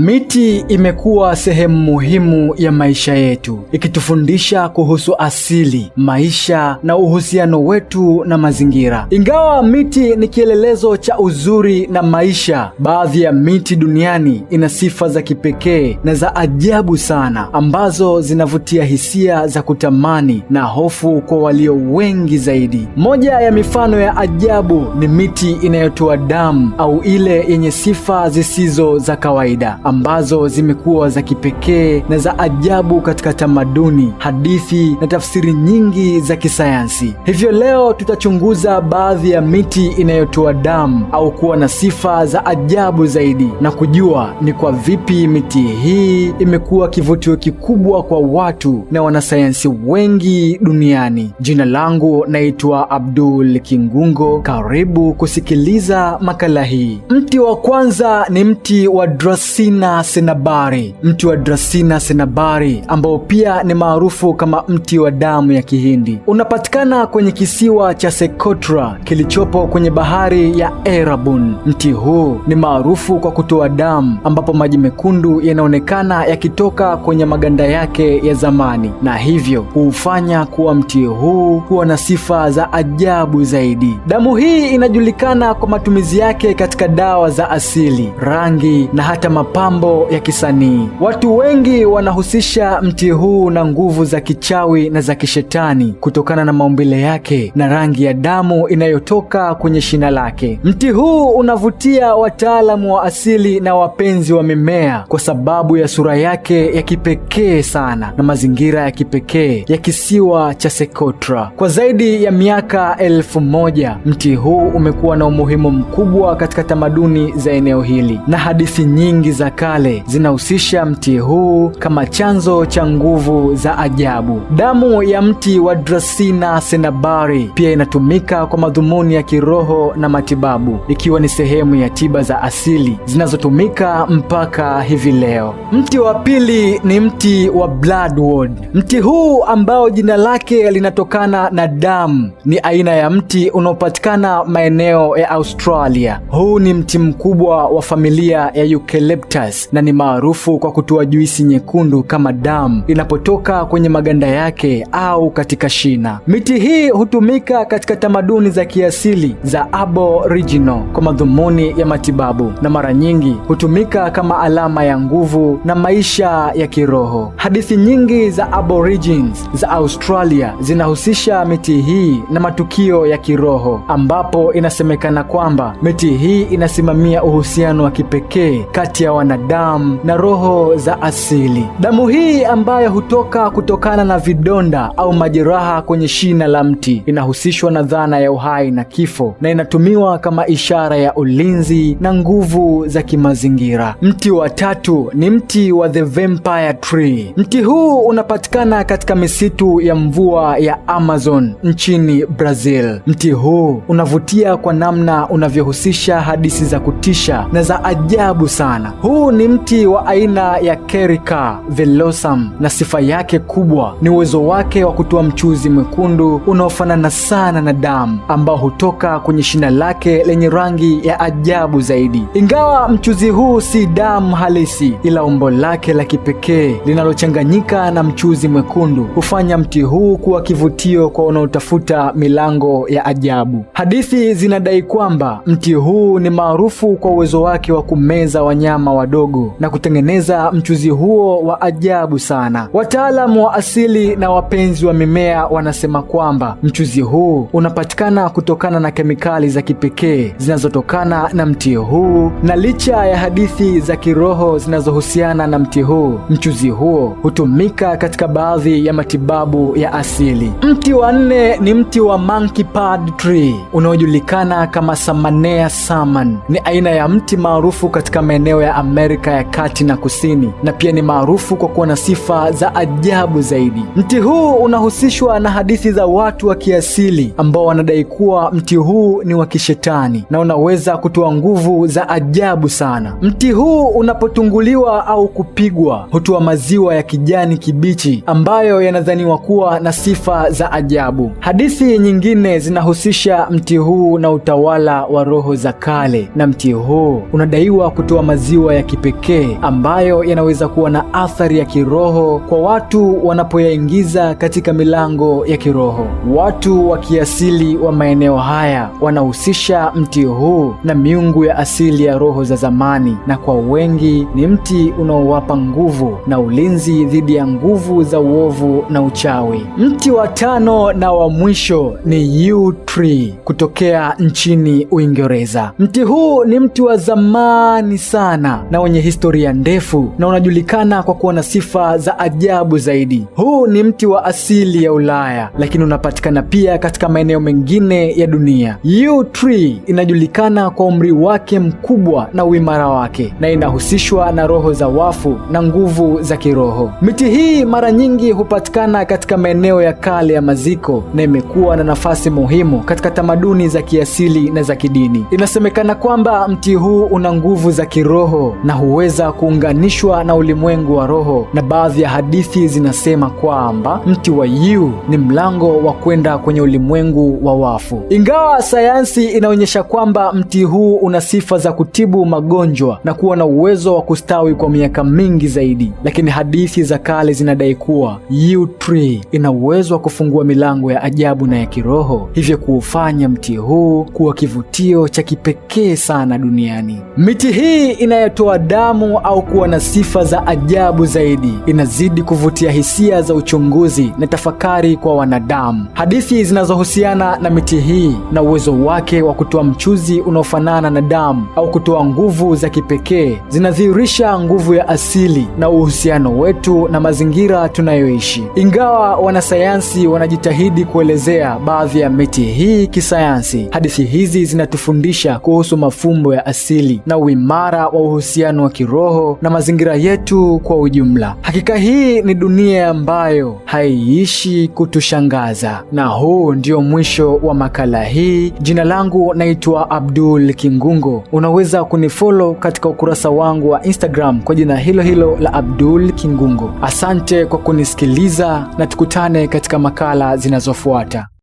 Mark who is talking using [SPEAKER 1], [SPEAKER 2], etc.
[SPEAKER 1] Miti imekuwa sehemu muhimu ya maisha yetu, ikitufundisha kuhusu asili, maisha na uhusiano wetu na mazingira. Ingawa miti ni kielelezo cha uzuri na maisha, baadhi ya miti duniani ina sifa za kipekee na za ajabu sana ambazo zinavutia hisia za kutamani na hofu kwa walio wengi zaidi. Moja ya mifano ya ajabu ni miti inayotoa damu au ile yenye sifa zisizo za kawaida ambazo zimekuwa za kipekee na za ajabu katika tamaduni, hadithi na tafsiri nyingi za kisayansi. Hivyo leo tutachunguza baadhi ya miti inayotoa damu au kuwa na sifa za ajabu zaidi na kujua ni kwa vipi miti hii imekuwa kivutio kikubwa kwa watu na wanasayansi wengi duniani. Jina langu naitwa Abdul Kingungo. Karibu kusikiliza makala hii. Mti wa kwanza ni mti wa Dracaena Drasina senabari, mti wa drasina senabari ambao pia ni maarufu kama mti wa damu ya Kihindi, unapatikana kwenye kisiwa cha Socotra kilichopo kwenye bahari ya erabun Mti huu ni maarufu kwa kutoa damu, ambapo maji mekundu yanaonekana yakitoka kwenye maganda yake ya zamani, na hivyo huufanya kuwa mti huu kuwa na sifa za ajabu zaidi. Damu hii inajulikana kwa matumizi yake katika dawa za asili, rangi na hata mapambo mambo ya kisanii. Watu wengi wanahusisha mti huu na nguvu za kichawi na za kishetani kutokana na maumbile yake na rangi ya damu inayotoka kwenye shina lake. Mti huu unavutia wataalamu wa asili na wapenzi wa mimea kwa sababu ya sura yake ya kipekee sana na mazingira ya kipekee ya kisiwa cha sekotra Kwa zaidi ya miaka elfu moja mti huu umekuwa na umuhimu mkubwa katika tamaduni za eneo hili na hadithi nyingi za kale zinahusisha mti huu kama chanzo cha nguvu za ajabu. Damu ya mti wa drasina senabari pia inatumika kwa madhumuni ya kiroho na matibabu, ikiwa ni sehemu ya tiba za asili zinazotumika mpaka hivi leo. Mti wa pili ni mti wa bloodwood. Mti huu ambao jina lake linatokana na damu ni aina ya mti unaopatikana maeneo ya Australia. Huu ni mti mkubwa wa familia ya eucalyptus citrus na ni maarufu kwa kutoa juisi nyekundu kama damu inapotoka kwenye maganda yake au katika shina. Miti hii hutumika katika tamaduni za kiasili za Aboriginal kwa madhumuni ya matibabu na mara nyingi hutumika kama alama ya nguvu na maisha ya kiroho. Hadithi nyingi za Aborigines za Australia zinahusisha miti hii na matukio ya kiroho ambapo inasemekana kwamba miti hii inasimamia uhusiano wa kipekee kati ya na damu na roho za asili. Damu hii ambayo hutoka kutokana na vidonda au majeraha kwenye shina la mti inahusishwa na dhana ya uhai na kifo na inatumiwa kama ishara ya ulinzi na nguvu za kimazingira. Mti wa tatu ni mti wa the vampire tree. Mti huu unapatikana katika misitu ya mvua ya Amazon nchini Brazil. Mti huu unavutia kwa namna unavyohusisha hadithi za kutisha na za ajabu sana. Huu huu ni mti wa aina ya kerika velosum na sifa yake kubwa ni uwezo wake wa kutoa mchuzi mwekundu unaofanana sana na damu ambao hutoka kwenye shina lake lenye rangi ya ajabu zaidi. Ingawa mchuzi huu si damu halisi, ila umbo lake la kipekee linalochanganyika na mchuzi mwekundu hufanya mti huu kuwa kivutio kwa wanaotafuta milango ya ajabu. Hadithi zinadai kwamba mti huu ni maarufu kwa uwezo wake wa kumeza wanyama wa madogo na kutengeneza mchuzi huo wa ajabu sana. Wataalamu wa asili na wapenzi wa mimea wanasema kwamba mchuzi huu unapatikana kutokana na kemikali za kipekee zinazotokana na mti huu, na licha ya hadithi za kiroho zinazohusiana na mti huu, mchuzi huo hutumika katika baadhi ya matibabu ya asili. Mti wa nne ni mti wa monkey pad tree unaojulikana kama Samanea saman. Ni aina ya mti maarufu katika maeneo ya Amerika Amerika ya Kati na Kusini, na pia ni maarufu kwa kuwa na sifa za ajabu zaidi. Mti huu unahusishwa na hadithi za watu wa kiasili ambao wanadai kuwa mti huu ni wa kishetani na unaweza kutoa nguvu za ajabu sana. Mti huu unapotunguliwa au kupigwa hutoa maziwa ya kijani kibichi ambayo yanadhaniwa kuwa na sifa za ajabu. Hadithi nyingine zinahusisha mti huu na utawala wa roho za kale, na mti huu unadaiwa kutoa maziwa ya kipekee ambayo yanaweza kuwa na athari ya kiroho kwa watu wanapoyaingiza katika milango ya kiroho. Watu wa kiasili wa maeneo haya wanahusisha mti huu na miungu ya asili ya roho za zamani, na kwa wengi ni mti unaowapa nguvu na ulinzi dhidi ya nguvu za uovu na uchawi. Mti wa tano na wa mwisho ni yew tree kutokea nchini Uingereza. Mti huu ni mti wa zamani sana na na wenye historia ndefu na unajulikana kwa kuwa na sifa za ajabu zaidi. Huu ni mti wa asili ya Ulaya, lakini unapatikana pia katika maeneo mengine ya dunia. Yew tree inajulikana kwa umri wake mkubwa na uimara wake, na inahusishwa na roho za wafu na nguvu za kiroho. Miti hii mara nyingi hupatikana katika maeneo ya kale ya maziko na imekuwa na nafasi muhimu katika tamaduni za kiasili na za kidini. Inasemekana kwamba mti huu una nguvu za kiroho na huweza kuunganishwa na ulimwengu wa roho, na baadhi ya hadithi zinasema kwamba mti wa yiu ni mlango wa kwenda kwenye ulimwengu wa wafu, ingawa sayansi inaonyesha kwamba mti huu una sifa za kutibu magonjwa na kuwa na uwezo wa kustawi kwa miaka mingi zaidi, lakini hadithi za kale zinadai kuwa yiu tree ina uwezo wa kufungua milango ya ajabu na ya kiroho, hivyo kuufanya mti huu kuwa kivutio cha kipekee sana duniani. Miti hii inayotoa kutoa damu au kuwa na sifa za ajabu zaidi, inazidi kuvutia hisia za uchunguzi na tafakari kwa wanadamu. Hadithi zinazohusiana na miti hii na uwezo wake wa kutoa mchuzi unaofanana na damu au kutoa nguvu za kipekee zinadhihirisha nguvu ya asili na uhusiano wetu na mazingira tunayoishi. Ingawa wanasayansi wanajitahidi kuelezea baadhi ya miti hii kisayansi, hadithi hizi zinatufundisha kuhusu mafumbo ya asili na uimara wa uhusiano uhusiano wa kiroho na mazingira yetu kwa ujumla. Hakika hii ni dunia ambayo haiishi kutushangaza. Na huu ndio mwisho wa makala hii. Jina langu naitwa Abdul Kingungo. Unaweza kunifollow katika ukurasa wangu wa Instagram kwa jina hilo hilo la Abdul Kingungo. Asante kwa kunisikiliza na tukutane katika makala zinazofuata.